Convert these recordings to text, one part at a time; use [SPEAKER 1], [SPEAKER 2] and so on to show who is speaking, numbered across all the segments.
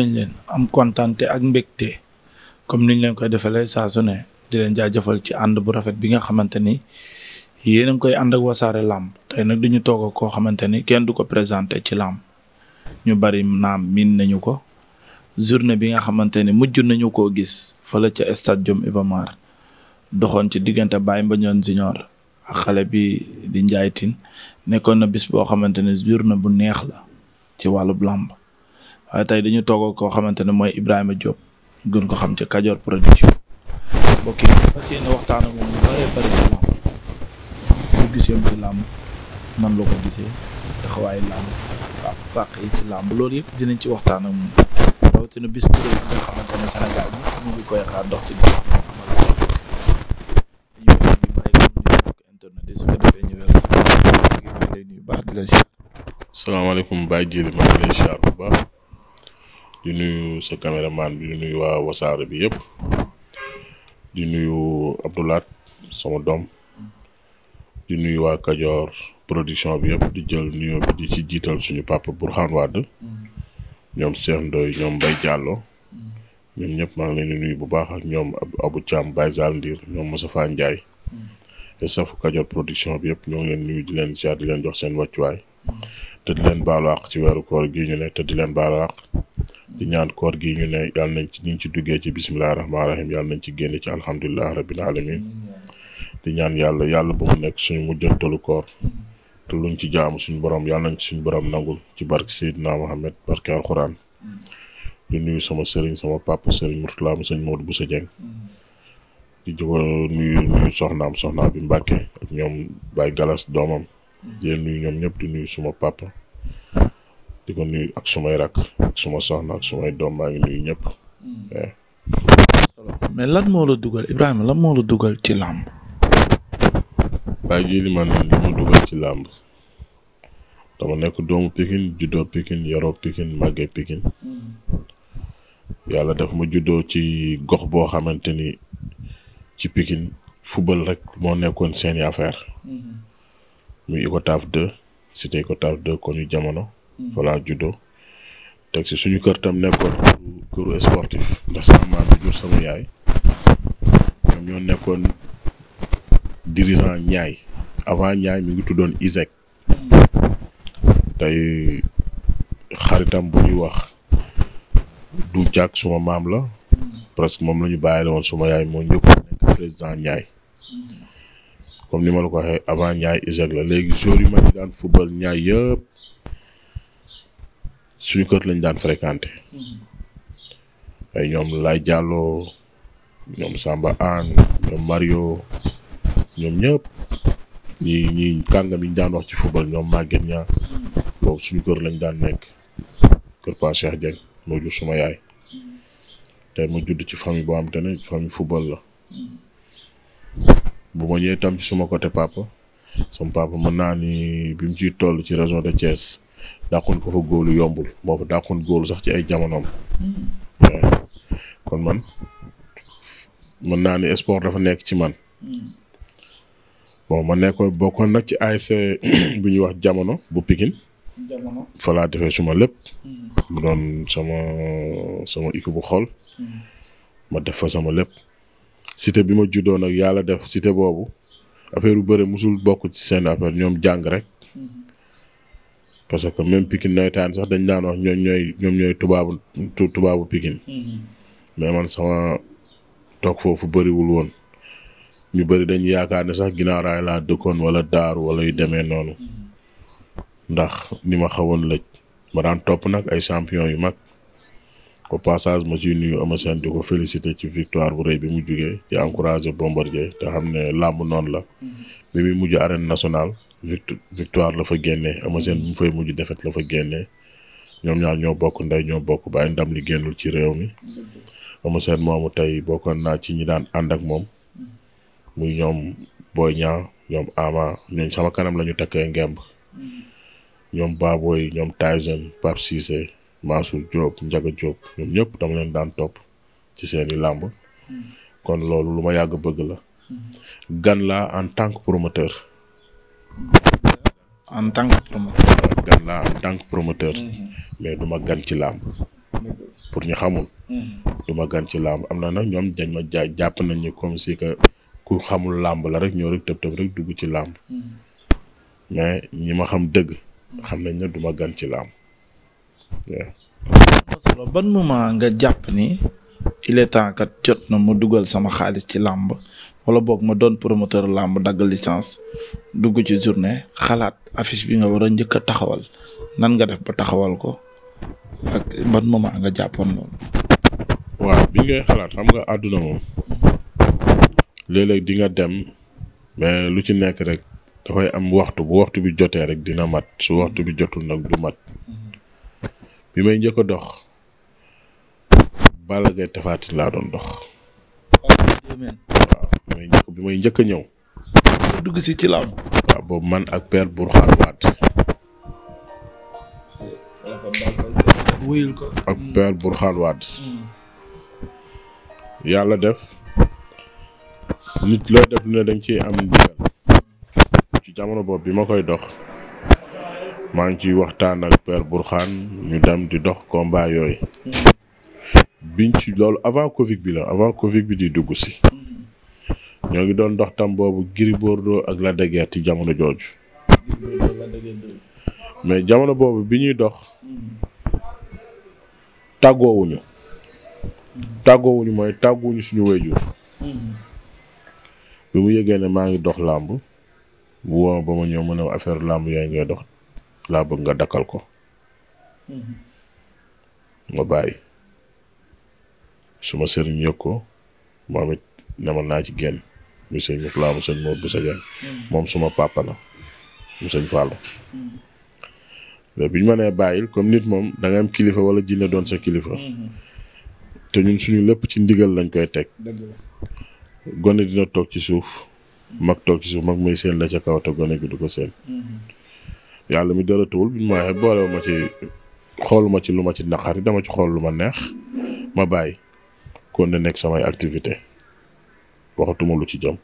[SPEAKER 1] nañ leen am kontante ak mbégte comme niñ leen koy defalee saa su ne di leen jaajëfal ci ànd bu rafet bi nga xamante ni yéen a koy ànd ak wasaare làmb tey nag duñu toog koo xamante ni kenn du ko présenté ci làmb ñu bari naam miin nañu ko journée bi nga xamante ni mujj nañu koo gis fële ca stade Iba doxoon ci diggante Baye mbañoon Junior ak xale bi di Ndiaye nekkoon na bis boo xamante ni journée bu neex la ci wàllu làmb waaye tey dañu toog koo xamante ne mooy Ibrahima Diop gën ko xam ci Kajoor production mbokk yi fas yéene waxtaan ak moom bu bëree la ko gisee taxawaay làmb waaw fàq yi ci làmb loolu yëpp dinañ ci waxtaan ak moom rawatina bis bu
[SPEAKER 2] baax di nuyu sa caméraman bi di nuyu waa wasaare bi yëpp di nuyu Abdoulaat sama doom di nuyu waa Kajoor production bi yëpp di jël nuyoo bi ci jiital suñu papa Bourkhane Wade ñoom Cheikh Ndoye ñoom Mbaye Diallo ñoom ñëpp maa ngi leen di nuyu bu baax ak ñoom Abou Thiam Baye Zal Ndir ñoom Moustapha Ndiaye te mm. safu Kajoor production bi yëpp ñoo ngi leen nuyu di leen ziar di leen jox seen wàccuwaay te di leen baalu àq ci weeru koor gii ñu ne te di leen baalu àq di ñaan koor gii ñu ne yàlla nañ ci ñu ngi ci duggee ci bisimilah rahmaani rahiim yàlla nañ ci génne ci alhamdulilah rabbil alamin di ñaan yàlla yàlla bu mu nekk suñu mujjantalu koor te luñ ci jaamu suñu borom yàlla nañ ci suñu borom nangul ci bark barke Seydina Mohamed barke alxuraan di nuyu sama sëriñ sama papa sëriñ Mourtala mu sëñ Modou Boussa Dieng di jógal nuyu nuyu soxnaam bi Mbàkke ak ñoom Baye Galas doomam. di ñoom ñëpp di nuyu suma papa di ko ak sumay rakk ak suma soxna ak sumay doom maa ngi nuyu ñëpp. Eh.
[SPEAKER 1] mais lan moo la dugal Ibrahima lan moo la
[SPEAKER 2] dugal ci làmb. waaye jii dugal ci làmb dama nekk doomu Pikine juddoo Pikine yaroo Pikine màggee Pikine yàlla def ma juddoo ci gox boo xamante ni ci pikin football rek moo nekkoon seeni affaire. muy Icotaf 2 cité Icotaf 2 connu jamono. voilà mm. judo. teg si suñu kër nekkoon këru sportif ndax sama bi jur sama yaay ñoom ñoo nekkoon dirigeant ñaay avant ñaay mi ngi tuddoon ISEC mm. tey xaritam bu ñuy wax du jàkk suma maam la. Mm. presque moom la ñu bàyyi woon suma yaay moo njëkkoon nekk président ñaay comme ni ma la ko waxee avant Ndiaye Isaac léegi jour yu ma ci daan football Ndiaye lañ daan fréquenté mm-hmm. ay ñoom Lay Diallo ñoom Samba Anne ñoom Mario ñoom ñëpp ñi ñi kàngam yi daan wax ci football ñoom Maguette ñaa mm-hmm. boobu suñu kër lañ daan nekk kër Pa Cheikh Dieng suma yaay mm-hmm. te mu judd ci famille boo xam te famille football la bu ma ñëwee tam ci suma côté papa suma papa mën naa ni bi mu ciy toll ci région de Thiès dàqoon ko fa góolu yombul moo fa dàqoon góolu sax ci ay jamonoom. Hmm. kon man mën naa ni sport dafa nekk ci man. Hmm. bon ma nekkoon bokkoon nag ci ASC bu ñuy wax jamono bu Pikine. jamono fa suma lépp. Hmm. mu doon sama sama bu xool. ma def fa sama lépp. cité bi ma juddoo nag yàlla def cité boobu affaire yu bëri musul bokk ci seen affaire ñoom jàng rek parce que même Pikine nawetaan sax dañ daan wax ñoom ñooy ñoom ñooy tubaabu tubaabu Pikine mais man sama toog foofu bëriwul woon ñu bëri dañ yaakaar ne sax ginnaaw laa dëkkoon wala daaru wala yu demee noonu ndax ni ma xawoon lëj ma daan topp nag ay champion yu mag au passage ma ciy nuyu Eumeu Sène di ko féliciter ci victoire bu rëy bi mu jugee di encourager Bombardier te xam ne làmb noonu la. Mm-hmm. bi muy mujj arène national victoire la fa génnee Eumeu Sène mu fay mujj défaite la fa génnee ñoom ñaar ñoo bokk ndey ñoo bokk baay ndam li génnul ci réew mi. Mm-hmm. Eumeu moomu tey bokkoon naa ci ñi daan ànd ak moom. Mm-hmm. muy ñoom Boy Niang ñoom Ama ñoom sama kanam la ñu takkee ngemb. ñoom Baboy ñoom Tyson Pape Cissé. Mansour Diop Ndiaga Diop ñoom ñëpp dama leen daan topp ci seeni làmb kon loolu lu ma yàgg bëgg la. gan laa en tant que promoteur. en tant que promoteur. gan laa en tant que promoteur. Mhm. mais duma gan ci làmb. pour ñu xamul. Mhm. duma gan ci làmb am na nag ñoom dañ ma jaay jàpp nañ ni comme si que ku xamul làmb la rek ñoo rek tëb tëb rek dugg ci làmb. Mhm. mais ñi ma xam dëgg. xam nañ ne duma gan ci làmb.
[SPEAKER 1] solo ban moment nga jàpp ni il est temps kat jot na mu dugal sama xaalis ci làmb wala boog ma doon promoteur làmb dagg licence dugg ci journée xalaat affice bi nga war a njëkk a taxawal nan nga def ba taxawal ko ak ban moment nga jàppoon
[SPEAKER 2] loolu. waaw bi ngay xalaat xam nga àdduna moom léeg-léeg di nga dem mais lu ci nekk rek dafay am waxtu bu waxtu bi jotee rek dina mat su waxtu bi jotul nag du mat. bi may njëkk a dox Balla Gaye Tapha Tine laa doon dox. waaw bi may njëkk a ñëw. dugg si ci làmb. boobu man ak père Bourkhane Wade.
[SPEAKER 1] wuyul ko. ak
[SPEAKER 2] père Bourkhane Wade. yàlla def nit loo def ne dañ ciy am ndigal ci jamono boobu bi ma koy dox. maa ngi ciy waxtaan ak Père Bourkhane ñu dem di dox combat yooyu. biñ ci loolu avant Covid bi la avant Covid bi di dugg si. ñoo ngi doon dox tam boobu Gris ak la de Guiers ci jamono jooju. mais jamono boobu bi ñuy dox. tàggoowuñu. tàggoowuñu mooy tàgguwuñu suñu wéyjur. bi mu yëgee ne maa ngi dox làmb. bu woo ba ma ñëw ma ne affaire làmb yaa ngay dox laa bëgg nga dakkal ko ma
[SPEAKER 3] mm-hmm.
[SPEAKER 2] bàyyi suma sëriñ yëg ko moom it ne ma naa ci génn mu sëñ Mutula mu sëñ bu sa moom suma papa la mu sëñ Fallou mm-hmm. bi ñu ma nee bàyyil comme nit moom da am kilifa wala jinne doon sa kilifa mm-hmm. te ñun suñu lépp ci ndigal lañ koy teg gone dina toog ci suuf mag toog ci suuf mag muy seen la ca kaw te gone gi du ko seen yàlla mi dara tuwul bi ma boolewu ma ci xooluma ci lu ma ci naqari dama ci xool lu ma neex ma bàyyi kon ne nekk samay activité waxatuma lu ci jëm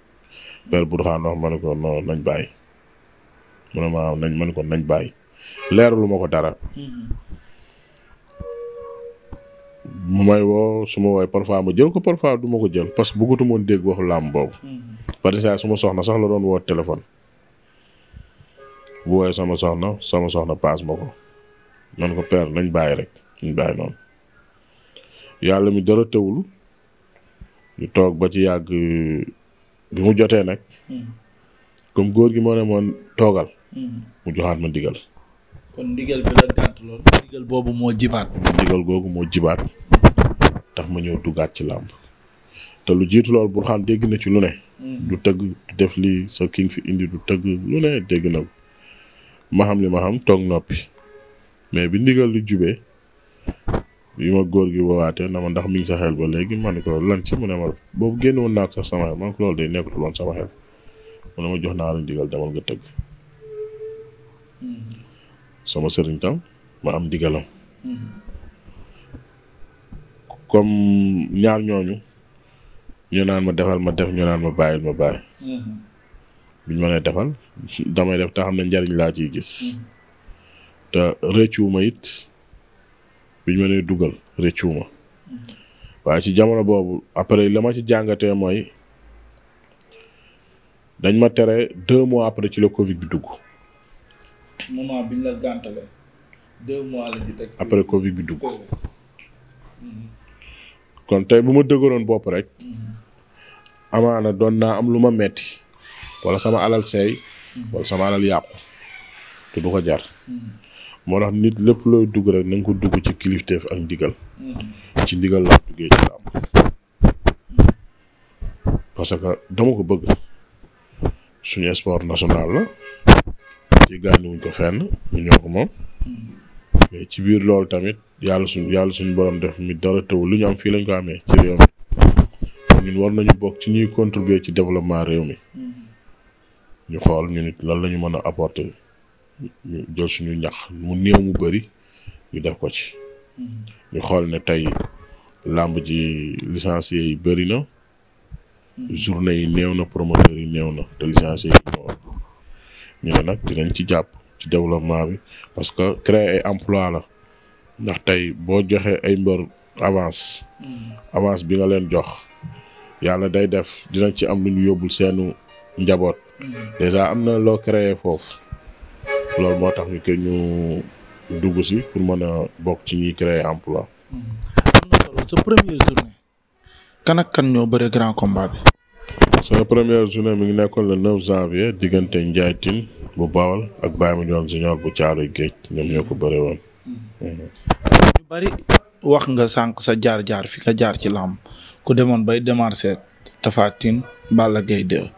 [SPEAKER 2] Père Bourkhane wax ma ne ko nañ bàyyi mu ne ma nañ ma ne ko nañ bàyyi leeralu ko dara. Mm-hmm. mu may woo su ma woowee parfois ma jël ko parfois du ma ko jël parce que bëggatu ma woon dégg waxu boobu. par mm-hmm. exemple su ma soxna sax la doon woo téléphone. bu wooyee sama soxna sama soxna paas ma ko man ko père nañ bàyyi rek nañ bàyyi noonu yàlla mi dara tëwul ñu toog ba ci yàgg euh, bi mu jotee nag hmm. comme góor gi moo ne moon toogal hmm. mu joxaat ma ndigal boobu moo jibaat ndigal googu moo jibaat tax ma ñëw duggaat ci làmb te lu jiitu loolu Burxaan dégg na ci lu ne hmm. du tëgg du def lii sa king fi indi du tëgg lu ne dégg na ma xam li ma xam toog noppi mais bi ndigal lu jubee bi ma góor gi waatee na ma ndax mi ngi sa xel ba léegi ma ne ko lan ci mu ne ma boobu génn woon naa ko sax sama xel man loolu day nekkatul woon sama xel mu ne ma jox naa la ndigal demal nga tëgg. Hmm. sama sëriñ tam ma am ndigalam. Hmm. comme ñaar ñooñu ñu naan ma defal ma def ñu naan ma bàyyil ma bàyyi. Hmm. biñ ma nee defal damay def te xam ne njariñ laa ciy gis. te rëccuwuma it biñ ma nee dugal rëccuwuma. waaye ci jamono boobu après la ma ci jàngatee mooy dañ ma tere deux mois après ci la bi dugg.
[SPEAKER 1] moment biñ Covid bi dugg.
[SPEAKER 2] kon tey bu ma dëgëroon bopp rek. Mhm. amaana doon naa am lu ma metti wala sama alal seey wala sama alal yàqu te du ko jar moo tax nit lépp looy dugg rek nañ ko dugg ci kilifteef ak ndigal ci ndigal laa duggee ci làmb parce que dama ko bëgg suñu sport national la ci wuñ ko fenn ñu ñëw ko moom mais ci biir loolu tamit yàlla suñ yàlla suñu borom def mi dara taw lu ñu am fii lañ ko amee ci réew mi ñun war nañu bokk ci ñuy contribuer ci développement réew mi ñu xool ñu nit lan lañu ñu mën a apporter ñu suñu ñax mu néew mu bëri ñu def ko ci. Mm-hmm. ñu xool ne tey làmb ji licencié bëri na. Mm-hmm. journée yi néew na promoteur yi néew na te licencié yi ne nag dinañ ci jàpp ci développement bi parce que créer ay emploi la ndax tey boo joxe ay mbër avance. Mm-hmm. avance bi nga leen jox yàlla day def dinañ ci am lu ñu yóbbul seenu njaboot. dèjà am na loo créer foofu loolu moo tax ñu que ñu dugg si pour mën a bokk ci ñuy créer emploi.
[SPEAKER 1] am na solo journée.
[SPEAKER 2] kan ak kan ñoo bëre grand combat bi. sama première journée mi ngi nekkoon la 9 janvier diggante Ndiaye Tine bu Bawal ak Baye Mandione Junior bu Thiaroye Géej ñoom ñoo ko bëre woon. Mm-hmm.
[SPEAKER 1] bari wax nga sànq sa jaar jaar fi ka jaar ci làmb ku demoon bay démarrer Tapha bala Balla Gaye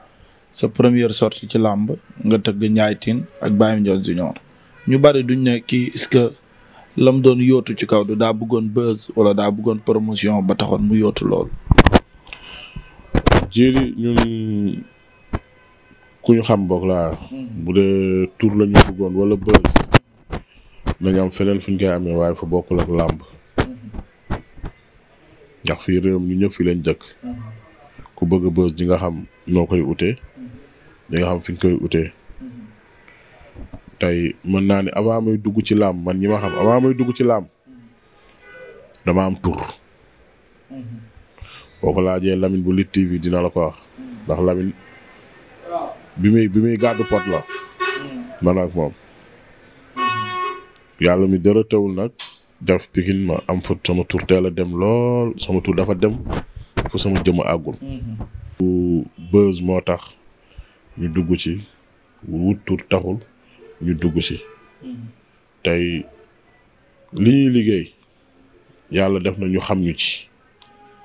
[SPEAKER 1] sa première sortie ci làmb nga tëgg Ndiaye Tine ak Baye Mandione Junior ñu bari duñ ne kii est lam doon yootu ci kaw du daa bëggoon buzz wala daa bëggoon
[SPEAKER 2] promotion ba taxoon mu yootu lool. jërëjëf ñun ku ñu xam boog laa. Hmm. bu dee tour la bëggoon wala buzz. nañu am feneen fu ñu koy amee waaye fa bokkul ak làmb. Hmm. ndax fii réew mi ñëpp fi lañ dëkk. Hmm. ku bëgg buzz di nga xam noo koy utee. di nga xam fi koy utee tey mën naa ne avant may dugg ci làmb man ñi ma xam avant may dugg ci làmb dama am tur boo ko laajee Lamine bu Lutte TV dina la ko wax ndax Lamine bi muy bi muy gàddu pot la man ak moom yàlla mi dara nag def Pikine ma am fa sama tur teel a dem lool sama tur dafa dem fu sama jëm àggul mm-hmm. bu buzz moo tax ñu dugg ci wut tur taxul ñu dugg ci hmm. tey li ñuy liggéey yàlla def na ñu xam ñu ci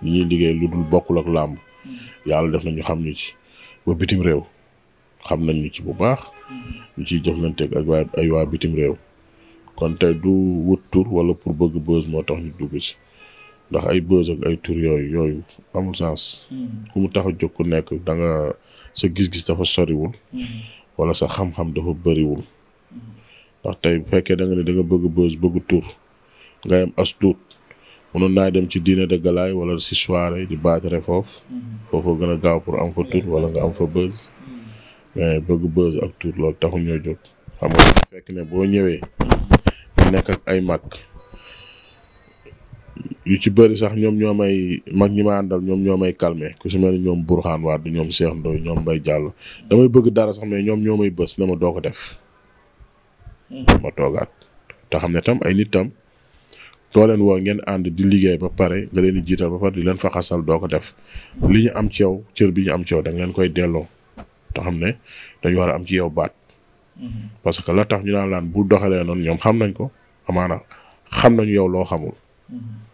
[SPEAKER 2] li ñuy liggéey lu dul bokkul ak làmb hmm. yàlla def na ñu xam ñu ci ba bitim réew xam nañ ñu ci bu baax hmm. ñu ci jëflanteeg ak waa ay waa bitim réew kon tey du wut tur wala pour bëgg buzz moo tax ñu dugg ci ndax ay buzz ak ay tur yooyu yooyu amul sens ku mu tax jóg ku nekk da sa gis-gis dafa soriwul. Mm-hmm. wala sa xam-xam dafa bëriwul. Mm-hmm. ndax tey bu fekkee da nga ne da bëgg bës bëgg tur nga am as tuut mënoon naa dem ci dîner de galaay wala si soirée di baatere foof mm-hmm. foofu gën a gaaw pour am fa tur wala nga am fa bës. mais bëgg bës ak tur loolu taxul ñoo jóg. xam nga fekk ne boo ñëwee. nekk ak ay mag. yu ci bëri sax ñoom ñoo may mag ñi ma àndal ñoom ñoo may calmer ku si mel ni ñoom Bourkhane Wade ñoom Cheikh Ndoye ñoom Mbaye Diallo damay bëgg dara sax ma ñoom ñoo may bës ne ma doo ko def. Hmm. ma toogaat te xam ne tam ay nit tam doo leen woo ngeen ànd di liggéey ba pare nga leen di jiital ba di leen fa xasal doo ko def li ñu am ci yow cër bi ñu am ci yow da leen koy delloo te xam ne dañu war a am ci yow baat. Hmm. parce que la tax ñu daan laan bu doxalee noonu ñoom xam nañ ko amaana xam nañu yow loo xamul. Hmm.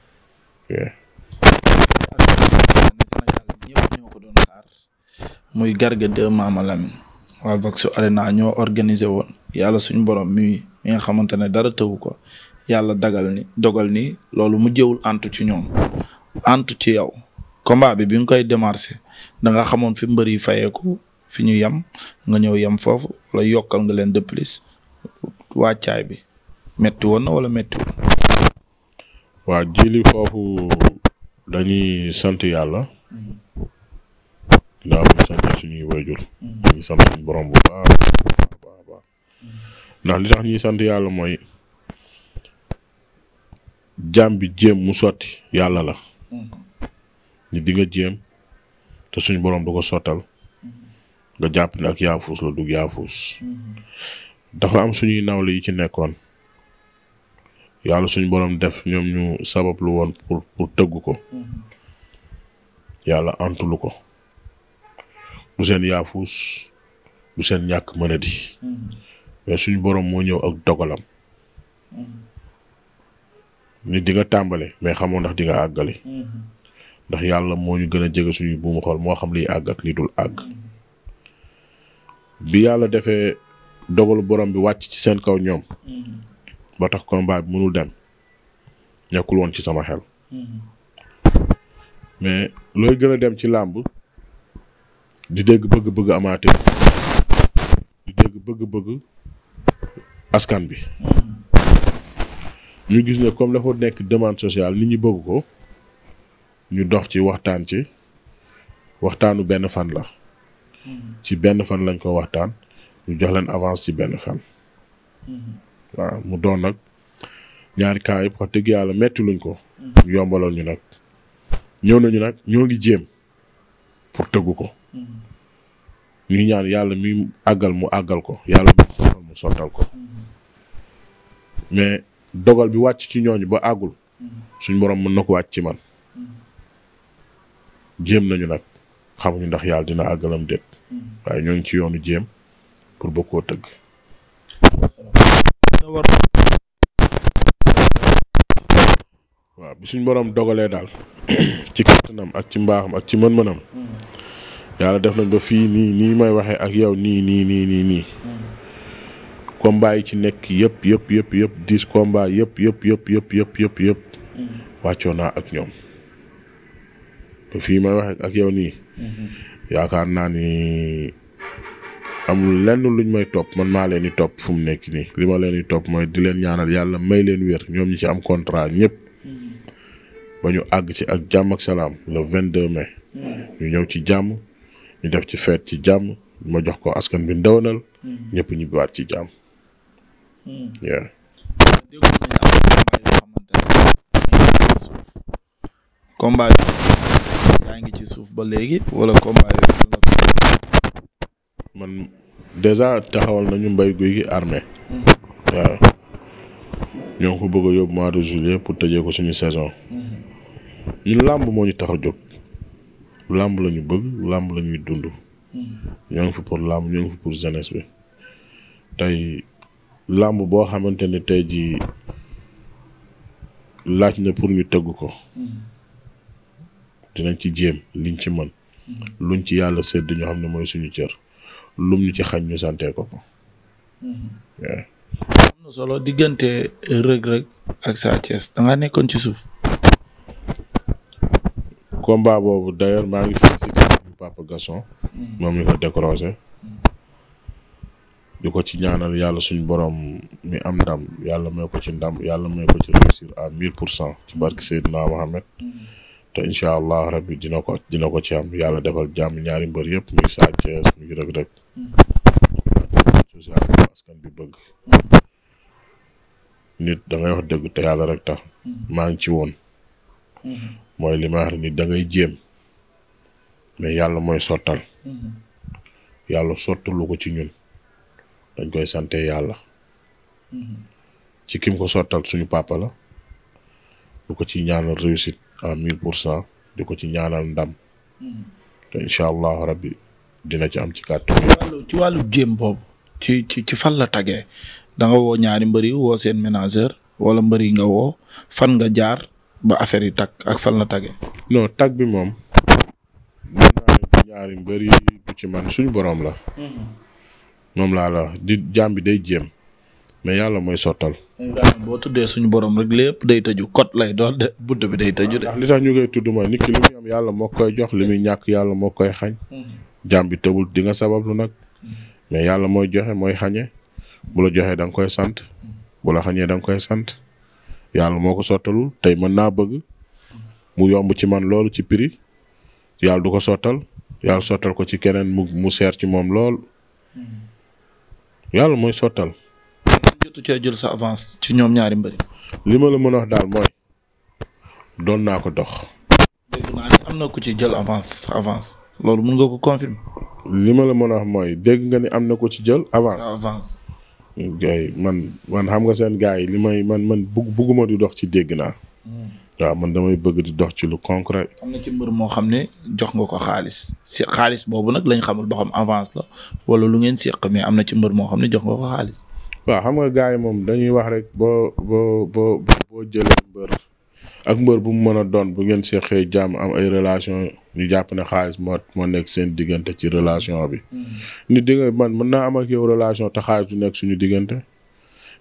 [SPEAKER 2] muy
[SPEAKER 1] Garga 2 Mama Lamine waa Vox Arena ñoo organisé woon yàlla suñu boroom mi mi nga xamante ne dara tëwu ko yàlla dagal dogal ni loolu mujjewul antu ci ñoom antu ci yow komba bi bi nga koy démarché danga xamoon fi mbër yi fayeeku fi ñu yem nga ñëw yem foofu wala yokkal nga leen de plus
[SPEAKER 2] wàccaay bi metti woon na wala metti waa jili foofu dañuy sant yàlla daa bu sant suñuy wayjur dañuy sant suñu borom bu baax ndax li tax ñuy sant yàlla mooy jaam bi jéem mu sotti yàlla la ni di nga jéem te suñu borom du ko sottal nga jàpp ne ak yaafuus la dug yaafuus dafa am suñuy nawle yi ci nekkoon yàlla suñ boroom def ñoom ñu sabablu woon pour pour tëgg ko mm-hmm. yàlla antulu ko du seen yaafuus du seen ñàkk mën mm-hmm. mais suñ boroom moo ñëw ak dogalam mm-hmm. nit di nga tàmbale mais xamoo ndax di nga àggale ndax yàlla moo ñu gën a jege suñu buumu xool moo xam liy àgg ak li dul àgg bi yàlla defee dogalu borom bi wàcc ci seen kaw ñoom ba tax combat bi mënul dem nekkul woon ci sama xel. Mm-hmm. mais looy gën a dem ci làmb di dégg bëgg-bëgg amateur di dégg bëgg-bëgg askan bi. Mm-hmm. ñu gis ne comme la dafa nekk demande sociale nit ñi bëgg ko ñu dox ci waxtaan ci waxtaanu benn fan la. Mm-hmm. ci benn fan lañ ko waxtaan ñu jox leen avance ci benn fan. waaw mu doon nag ñaari cas yëpp ko tëgg yàlla metti luñ ko. Mm-hmm. yombaloon ñu nag. ñëw nañu nag ñoo ngi jéem pour tëggu ko. Mm-hmm. ñu ngi ñaan yàlla mi àggal mu àggal ko yàlla mi sottal mu ko. Mm-hmm. mais dogal bi wàcc ci ñooñu ba àggul. suñ borom mun na ko wàcc ci man. jéem nañu nag xamuñu ndax yàlla dina àggalam déet. waaye ñoo ngi ci yoonu jéem pour bokkoo tëgg. war waaw bi suñ boroom dogalee daal ci kattanam ak ci mbaaxam ak ci mën-mënam yàlla def nañ ba fii nii nii may waxee ak yow nii nii nii nii nii combat yi ci nekk yëpp yëpp yëpp yëpp dix combat yëpp yëpp yëpp yëpp yëpp yëpp yëpp wàccoo ak ñoom ba fii may waxee ak yow nii mhm. yaakaar naa ni amul lenn luñ may topp man maa leen di topp fu mu nekk nii li ma leen di topp mooy di leen ñaanal yàlla may leen wér ñoom ñi ci am contrat ñëpp ba ñu àgg ci ak jàmm ak salaam le 22 mai. ñu ñëw ci jàmm ñu def ci feet ci jàmm ma jox ko askan bi ndawanal. ñëpp ñibbiwaat ci jàmm. waaw. combat yaa ngi ci suuf ba léegi wala combat yooyu man dèjà taxawal nañu mbay guy gi armée waaw ñoo ko bëgg a yóbbu mois de juillet pour tëjee ko suñu saison. ñun làmb moo ñu tax jóg làmb lañu bëgg làmb la ñuy dund. ñoo ngi fi pour làmb ñoo ngi fi pour jeunesse bi tey làmb boo xamante ne tey jii laaj na pour ñu tëgg ko. dinañ ci jéem liñ ci mën. luñ ci yàlla sédd ñoo xam ne mooy suñu cër. lum ñu ci xañ ñu sante ko ko. Mm-hmm.
[SPEAKER 1] am na solo diggante rëg-rëg ak Sa Thiès da
[SPEAKER 2] nekkoon ci suuf. combat boobu d'ailleurs maa ngi félicité Papa Gasson. Mm-hmm. moom mi ko décroché. Mm-hmm. di ko ci ñaanal yàlla suñu borom mi am ndam yàlla may ko ci ndam yàlla may ko ci réussir à mille pour cent ci barke Seydina Mohamed. te incha allah rabbi dina ko dina ko ci am yàlla defal jàmm ñaari mbër yëpp muy Sa Thiès muy Reug Reug social askan bi bëgg nit da ngay wax dëgg te yàlla rek tax maa ngi ci woon mooy li ma wax nit da jéem mais yàlla mooy sottal yàlla sottalu ko ci ñun dañ koy sante yàlla ci kim ko sottal suñu papa la lu ko ci ñaanal réussite à pour cent di ko ci ñaanal ndam te incha allahu rabbi dina ci am ci kat ci wàllu ci wàllu ci ci ci fan la tagee da woo ñaari
[SPEAKER 1] mbër woo seen ménageur wala mbër nga woo fan nga jaar ba affaire yi tag ak fan
[SPEAKER 2] la tagee non tag bi moom mën naa ne ñaari mbër yi ci man suñu boroom la mm-hmm. moom laa la di jaam bi day jéem mais yàlla mooy sottal.
[SPEAKER 1] boo tuddee suñu borom rek lépp day tëju kot lay doon de day tëju de.
[SPEAKER 2] ndax ñu koy tudd mooy nit ki am yàlla moo koy jox li muy ñàkk yàlla moo koy xañ. Mm-hmm. jaam bi tëbul di nga lu nag. Mm-hmm. mais yàlla mooy joxe mooy xañe bu la joxee danga koy sant. Mm-hmm. bu xañee danga koy sant. yàlla moo ko sottalu tey mën naa bëgg. mu yomb ci man loolu ci prix. yàlla du ko sottal. yàlla sottal ko ci keneen mu mu seer ci moom lool. yàlla mooy sottal.
[SPEAKER 1] jotu cee jël sa avance ci ñoom ñaari mbëri. li ma la mën a wax daal mooy doon naa ko dox. am na ku ci jël avance sa avance
[SPEAKER 2] loolu mun nga ko confirmer. li ma la mën a wax mooy dégg nga ni am na ko ci jël avance avance. gay man man xam nga seen gars yi li may man man bugg bugguma di dox ci dégg naa. Hmm. waaw man damay bëgg di dox ci lu concret.
[SPEAKER 1] ci mbër moo xam ne jox nga ko xaalis si xaalis boobu nag lañ xamul ba xam avance la wala lu ngeen seq mais am na ci mbër moo xam ne jox nga ko xaalis.
[SPEAKER 2] waaw xam nga gars yi moom dañuy wax rek boo boo boo boo jëlee mbër ak mbër bu mu mën a doon bu ngeen seexee jàmm am ay relation ñu jàpp ne xaalis moo moo nekk seen diggante ci relation bi. Mm-hmm. ni digg man mën naa am ak yow relation te xaalis du nekk suñu diggante.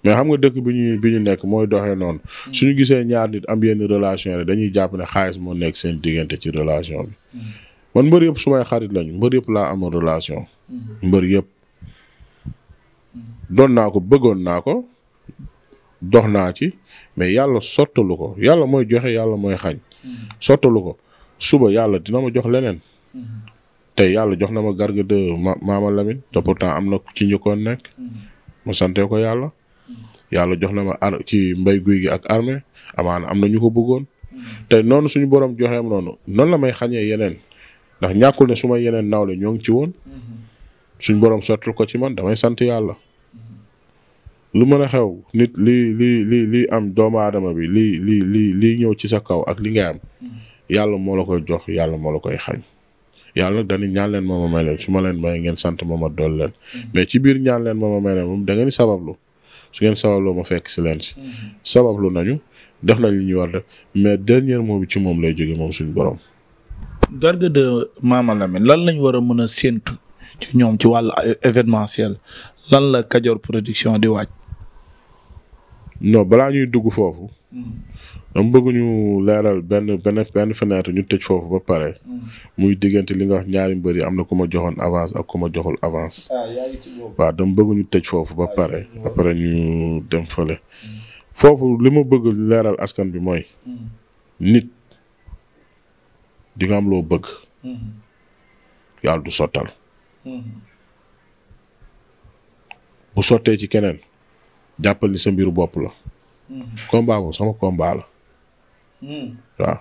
[SPEAKER 2] mais xam nga dëkk bi ñu bi ñu nekk mooy doxee noonu. Mm-hmm. suñu gisee ñaar nit am yenn relation rek dañuy jàpp ne xaalis moo nekk seen diggante ci relation bi. Mm-hmm. man mbër yëpp sumay xarit lañu mbër yëpp laa amoon relation. mbër yëpp. doon naa ko bëggoon naa ko dox naa ci mais yàlla sottalu ko yàlla mooy joxe yàlla mooy xañ. Mm-hmm. sottalu ko suba yàlla dina ma jox leneen.
[SPEAKER 3] Mm-hmm.
[SPEAKER 2] te yàlla jox na ma garga de ma maama Lamine te pourtant am na ci ñu ko nekk.
[SPEAKER 3] Mm-hmm.
[SPEAKER 2] ma sante ko yàlla. yàlla jox na ma ar ci mbay guy gi ak armée amaana am na ñu ko bëggoon. te noonu suñu borom joxeem noonu noonu la may xañee yeneen ndax ñàkkul ne su ma yeneen nawle ñoo ngi ci woon. suñu borom sottul ko ci man damay sant yàlla. lu mën a xew nit li li li li am doomu aadama bi li li li liy ñëw ci sa kaw ak li ngay am yàlla moo la koy jox yàlla moo la koy xañ yàlla nag dañuy ñaan leen mooma may leen su ma leen may ngeen sant ma dool leen mm-hmm. mais ci biir ñaan leen mooma may leen moom da ngeen sabablu su ngeen sababloo ma fekk si leen si mm-hmm. nañu def nañ li ñuy war mais dernier mot bi ci moom lay jóge moom suñu borom
[SPEAKER 1] Garga 2 Mama lan lañ war a mën a séentu ci ñoom ci wàllu événementiel lan la Kajoor Production di waaj
[SPEAKER 2] no balaa ñuy dugg foofu. Hmm. dama bëgguñu ñu leeral benn benn benn fenêtre ñu tëj foofu ba pare. Hmm. muy diggante li nga wax ñaari mbër yi am na ku ma joxoon avance ak ku ma joxul avance. Ah, waaw dama bëgg tëj foofu ba pare. après ñu dem fële. Hmm. foofu li ma bëgg leeral askan bi mooy. nit di nga am loo bëgg. yàlla du sottal. bu sottee ci keneen. jàppal ni sa mbiru bopp la. Mhm. combat boobu sama combat la. Mhm. waaw.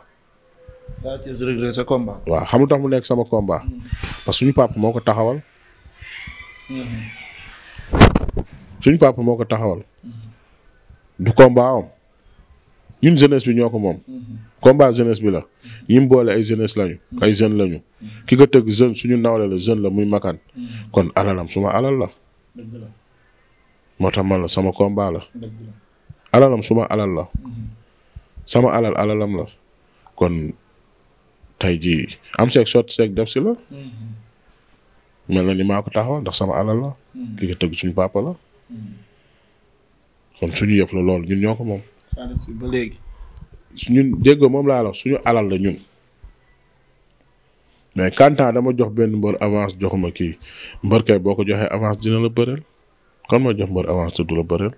[SPEAKER 1] Sa Thiès tax mu
[SPEAKER 2] nekk sama combat. Mhm. parce que suñu papa moo ko taxawal. suñu papa moo ko taxawal. du combat am. ñun jeunesse bi ñoo ko moom. combat jeunesse bi la. ñi mu boole ay jeunesse lañu. ay jeune lañu. ki ko tëgg jeune suñu nawle la jeune la muy makan kon alalam suma alal la. moo tax man la sama combat la. alalam suma alal la. Mm-hmm. sama alal alalam la kon tey ji am seeg sot seeg def si la.
[SPEAKER 3] Mm-hmm.
[SPEAKER 2] mel na ni maa ko taxawal ndax sama alal la. Mm-hmm. ki ko tëgg suñu papa la. kon suñu yëf la loolu ñun ñoo ko moom. ba léegi. ñun dégg moom laa la suñu alal la ñun. mais kantaan dama jox benn mbër avance joxuma kii mbër kay boo ko joxee avance dina la bëreel. kan moo jox mbër avance du la bëreel.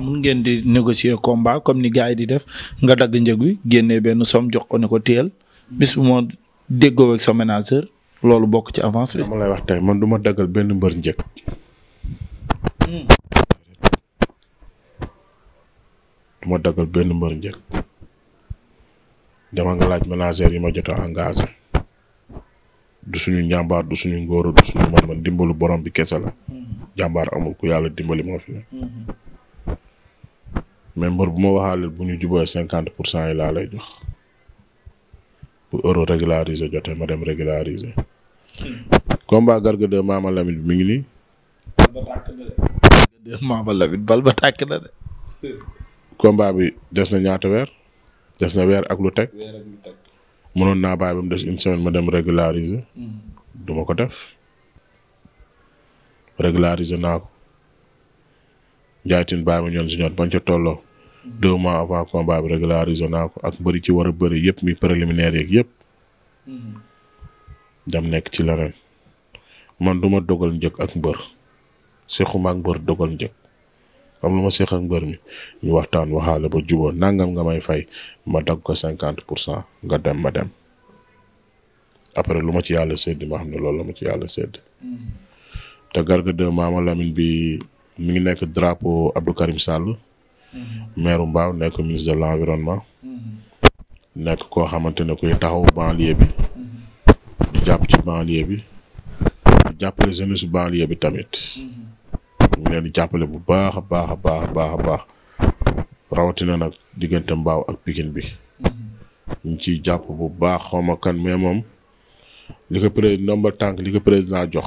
[SPEAKER 1] mun ngeen di négocier combat comme ni gars yi di def nga dagg njëg wi génnee benn somme jox ko ne ko téel bis bu ma déggoo ak sa ménageur loolu bokk ci avance bi. ma
[SPEAKER 2] lay wax tey man duma ma daggal benn mbër njëg. Hmm. du daggal benn mbër njëg. dama nga laaj ménageur yi ma jot a engagé. du suñu njàmbaar du suñu ngóor du suñu man man dimbalu borom bi kese la. Hmm. jàmbaar amul ku yàlla dimbali moo fi ne. mais mbër bu ma waxaale bu ñu jubóoyee cinquante pour cent yi laa lay bu euro régulariser jotee ma dem régulariser. combat Garga mi ngi nii. bal bi des na ñaata weer. des na weer ak lu teg. weer ak lu teg. naa ba mu des une semaine ma dem régulariser. Hmm. du ko def. régularisé naa ko jaaytin baa ma ñoon junior bañ ca tolloo deux mois avant combat bi régularisé naa ko ak bëri ci war a bëri yëpp mi préliminaire yeeg yëpp dam nekk ci leneen man du ma dogal njëkk ak mbër sequma ak mbër dogal njëkk am lu ma seq mbër mi ñu waxtaan waxaale ba juboo nangam nga may fay ma dagg ko cinquante pour cent nga dem ma dem après lu ma ci yàlla sedd ma xam ne loolu la ma ci yàlla sédd te Garga 2 Mama Lamine bi mi ngi nekk drapeau Abdou Karim Sall. Mhm. maire Mbao nekk ministre de l'environnement. Mhm. nekk koo xamante ne kuy taxaw banlieue bi. Mhm. jàpp ci banlieue bi. di jàppale jeunesse banlieue bi tamit. ñu leen jàppale bu baax a baax a baax a baax a baax rawatina nag diggante mbaaw ak Pikine bi. ñu ciy jàpp bu baax xawma kan mais moom li ko pré ndomba tànk li ko président jox.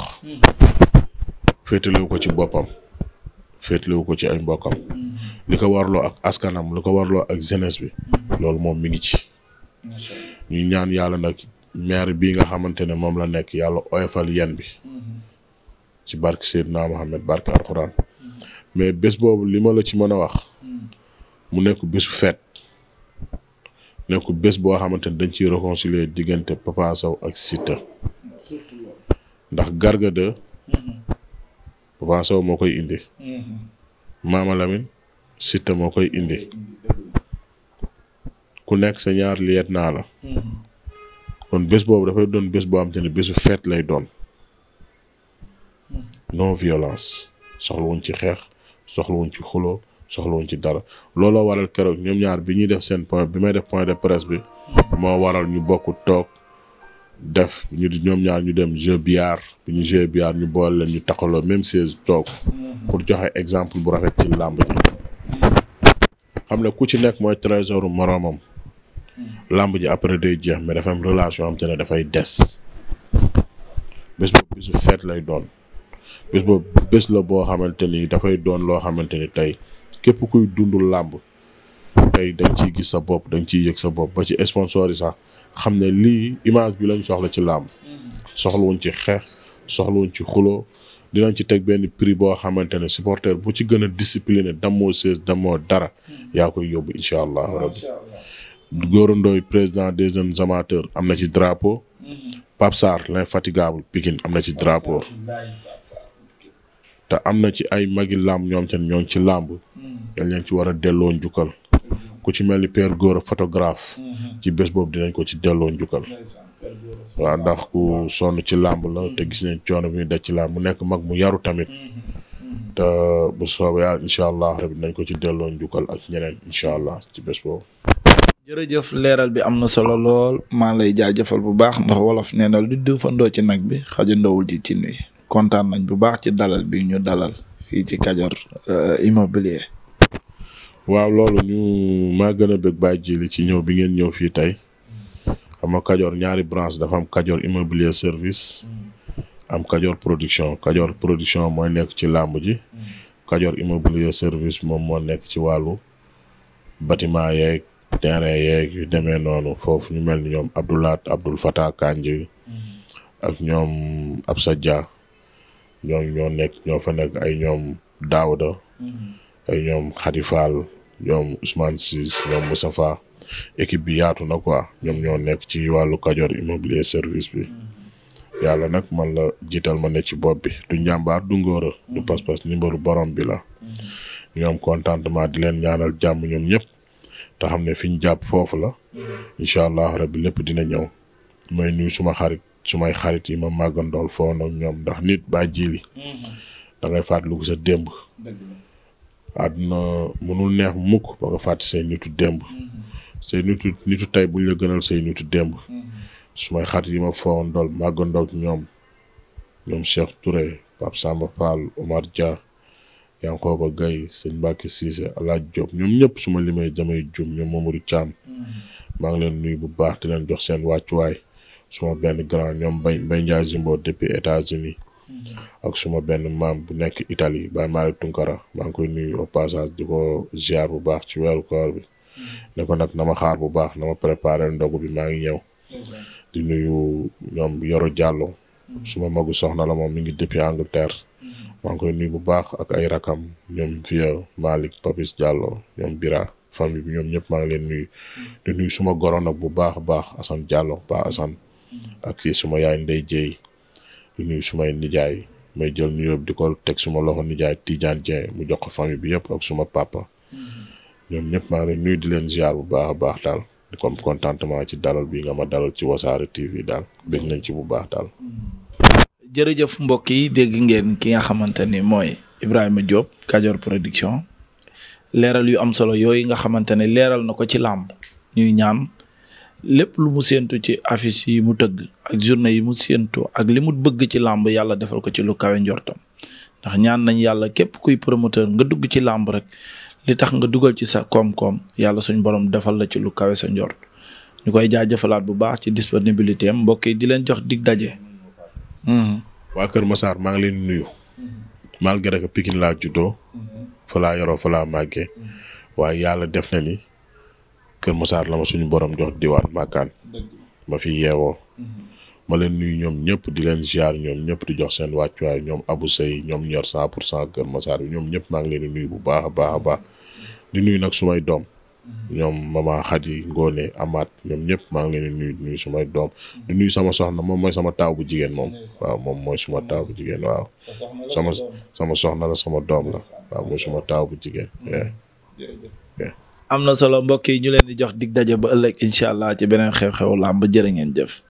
[SPEAKER 2] féetalewu ko ci boppam féetalewu ko ci ay mbokkam li ko warloo ak askanam li ko warloo ak jeunesse bi loolu moom mi ngi ci ñu ñaan yàlla nag maire bi nga xamante ne moom la nekk yàlla oyofal yen bi ci barke Seydina Mohamed barke alxuraan mais bés boobu li ma la ci mën a wax mu nekk bésu feet nekku bés boo xamante ne dañ ciy réconcilier diggante Papa ak Siteu ndax Garga Papa Sow moo koy indi. Maama mm-hmm. Lamine moo koy indi. ku nekk sa ñaar liet naa la. Mm-hmm. kon bés boobu dafay doon bés boo xam te ne bésu fête lay doon. Mm-hmm. non violence soxla wuñ ci xeex soxla wuñ ci xuloo soxla wuñ ci dara looloo waral keroog ñoom ñaar bi ñuy def seen point bi may def point de presse bi. moo waral ñu bokk toog. def ñu ñoom ñaar ñu dem jeu billard bi ñu jeu billard ñu boole leen taxaloo même seize toog pour joxe exemple bu rafet ci làmb ji xam ne ku ci nekk mooy trésor moroomam làmb ji après day jeex mais dafa am relation am te ne dafay des bés boobu bésu feet lay doon bés boobu bés la boo xamante ni dafay doon loo xamante ni tey képp kuy dundul làmb tey dañ ciy gis sa bopp dañ ciy yëg sa bopp ba ci sponsor yi sax xam ne lii image bi lañ soxla ci làmb soxla wuñ ci xeex soxla wuñ ci xuloo dinañ ci teg benn prix boo xamante ne supporter bu ci gën a discipliné damoo sées damoo dara yaa koy yóbbu incha allah rabbi Gora président des jeunes amateurs am na ci drapeau mm-hmm. Pape Sarr l'infatigable Pikine am na ci drapeau te am na ci ay magi làmb ñoom seen ñoo ngi ci làmb mm. dañ leen ci war a delloo njukkal ku ci mel ni Père Gora photographe. Mhm. ci bés boobu dinañ ko ci delloo njukkal. waaw ndax ku sonn ci làmb la te gis nañ coono bi daj ci làmb mu nekk mag mu yaru tamit. Mhm, mhm. te bu soobee yàlla incha allah rabi nañ ko ci delloo njukkal ak ñeneen incha allah ci bés boobu.
[SPEAKER 1] jërëjëf leeral bi am na solo lool maa lay jaajëfal bu baax ndax wolof nee na lu dëfandoo ci nag bi xajandoowul ci cin wi kontaan nañ bu baax ci dalal bii ñu dalal fii ci Kajoor euh, immobilier.
[SPEAKER 2] waaw loolu ñu maa gën a bëgg bàyyi jili ci ñëw bi ngeen ñëw fii tey am Kajoor ñaari branche dafa am Kajoor immobilier service am Kajoor production Kajoor production mooy nekk ci làmb ji Kajoor immobilier service moom moo nekk ci wàllu bâtiment yeeg terrain yeeg yu demee noonu foofu ñu mel ni ñoom Abdoulat Abdoul Fatah Kanji ak ñoom Absa Dia ñoo ñoo ñoo fa nekk ay ñoom Daouda ay ñoom Khady Fall ñoom Ousmane Ciss ñoom Moustapha équipe bi yaatu na quoi ñoom ñoo nekk ci wàllu Kajoor immobilier service bi yàlla nag man la jiital ma ne ci bopp bi du njàmbaar du ngóora du pas-pas numéro borom bi la ñoom contentement di leen ñaanal jàmm ñoom ñëpp te xam ne fi ñu jàpp foofu la incha allah rabbi lépp dina ñëw mooy nuyu suma xarit sumay xarit yi ma màggandool foo nag ñoom ndax nit baa jiili mm-hmm. da ngay fàttaliku sa démb àdduna mënul neex mukk ba nga fàtte say nitu démb mm-hmm. say nitu nitu tey buñ la gënal say nitu démb mm-hmm. sumay xarit yi ma foowoon dool màggandoog ñoom ñoom Cheikh Touré Pape Samba Fall Omar Dia Yankhoba Gaye sëñ Mbacke Cissé Alaaj Diop ñoom ñëpp suma limee jamay jum ñoom Mamadou Thiam mm-hmm. maa ngi leen nuyu bu baax di leen jox seen wàccuwaay suma benn grand ñoom Mbaye Mbaye Ndiaye Zimbo depuis États-Unis Mm-hmm. ak suma benn maam bu nekk Italie Baye Malick Tunkara maa ngi koy nuyu au passage di bu baax ci weeru koor bi mm-hmm. ne ko nag nama xaar bu baax nama ma ndogu bi maa ngi ñëw mm-hmm. di nuyu ñoom Yoro Diallo suma magu soxna la moom mi ngi depuis Angleterre maa ngi koy nuyu bu baax ak ay rakam ñoom Vieux Malick Papis Diallo ñoom Bira famille bi ñoom ñëpp maa ngi leen nuyu di nuyu suma goro nag bu baax a baax Assane Diallo ba Assane ak suma yaay Ndey Jéey di nuyu sumay nijaay may jël nuyoo di ko teg suma loxo nijaay Tidiane Dieng mu jox ko famille bi yëpp ak suma papa. Mm-hmm. ñoom ñëpp maa ngi leen di leen ziar bu baax a baax daal di comme contentement ci dalal bi nga ma dalal ci wasaare TV daal bég nañ ci bu baax daal.
[SPEAKER 3] Mm-hmm.
[SPEAKER 1] jërëjëf mbokk yi dégg ngeen ki nga xamante ni mooy Ibrahima Diop Kajoor Production leeral yu am solo yooyu nga xamante ne leeral na ko ci làmb ñuy ñaan. lépp lu mu séentu ci affiche yi mu tëgg ak journée yi mu séentu ak li mu bëgg ci làmb yàlla defal ko ci lu kawe njortam ndax ñaan nañ yàlla képp kuy promoteur nga dugg ci làmb rek li tax nga dugal ci sa koom-koom yàlla suñ borom defal la ci lu kawe sa njort ñu koy jaajëfalaat bu baax ci disponibilité am mbokk yi di leen jox dig daje. Mm-hmm. waa
[SPEAKER 2] Kër Massar maa ngi leen nuyu. malgré que Pikine laa juddoo. Mm-hmm. fa laa yoroo fa laa màggee. Mm-hmm. waaye yàlla def na ni. Kër Massar la ma suñu boroom jox diwaat màkkaan ma fi yeewoo mhm. ma leen nuyu ñoom ñëpp di leen ziar ñoom ñëpp di jox seen wàccuwaay ñoom abu Sey ñoom ñor cent pour cent Kër Massar bi ñoom ñëpp maa ngi leen di nuyu bu baax a baax a baax di nuyu nag sumay doom mhm. ñoom mama Xadi Ngoone Amaat ñoom ñëpp maa ngi leen di nuyu di nuyu sumay doom di nuyu sama soxna moom mooy sama taaw bu jigéen moom waaw moom mooy suma taaw bu jigéen waaw sama sama soxna la sama doom la waaw mooy suma taaw bu jigéen
[SPEAKER 1] mhm. am na solo mbokk yi ñu leen di jox dig daje ba ëllëg incha allah ci beneen xew xew làmb jërë ngeen jëf.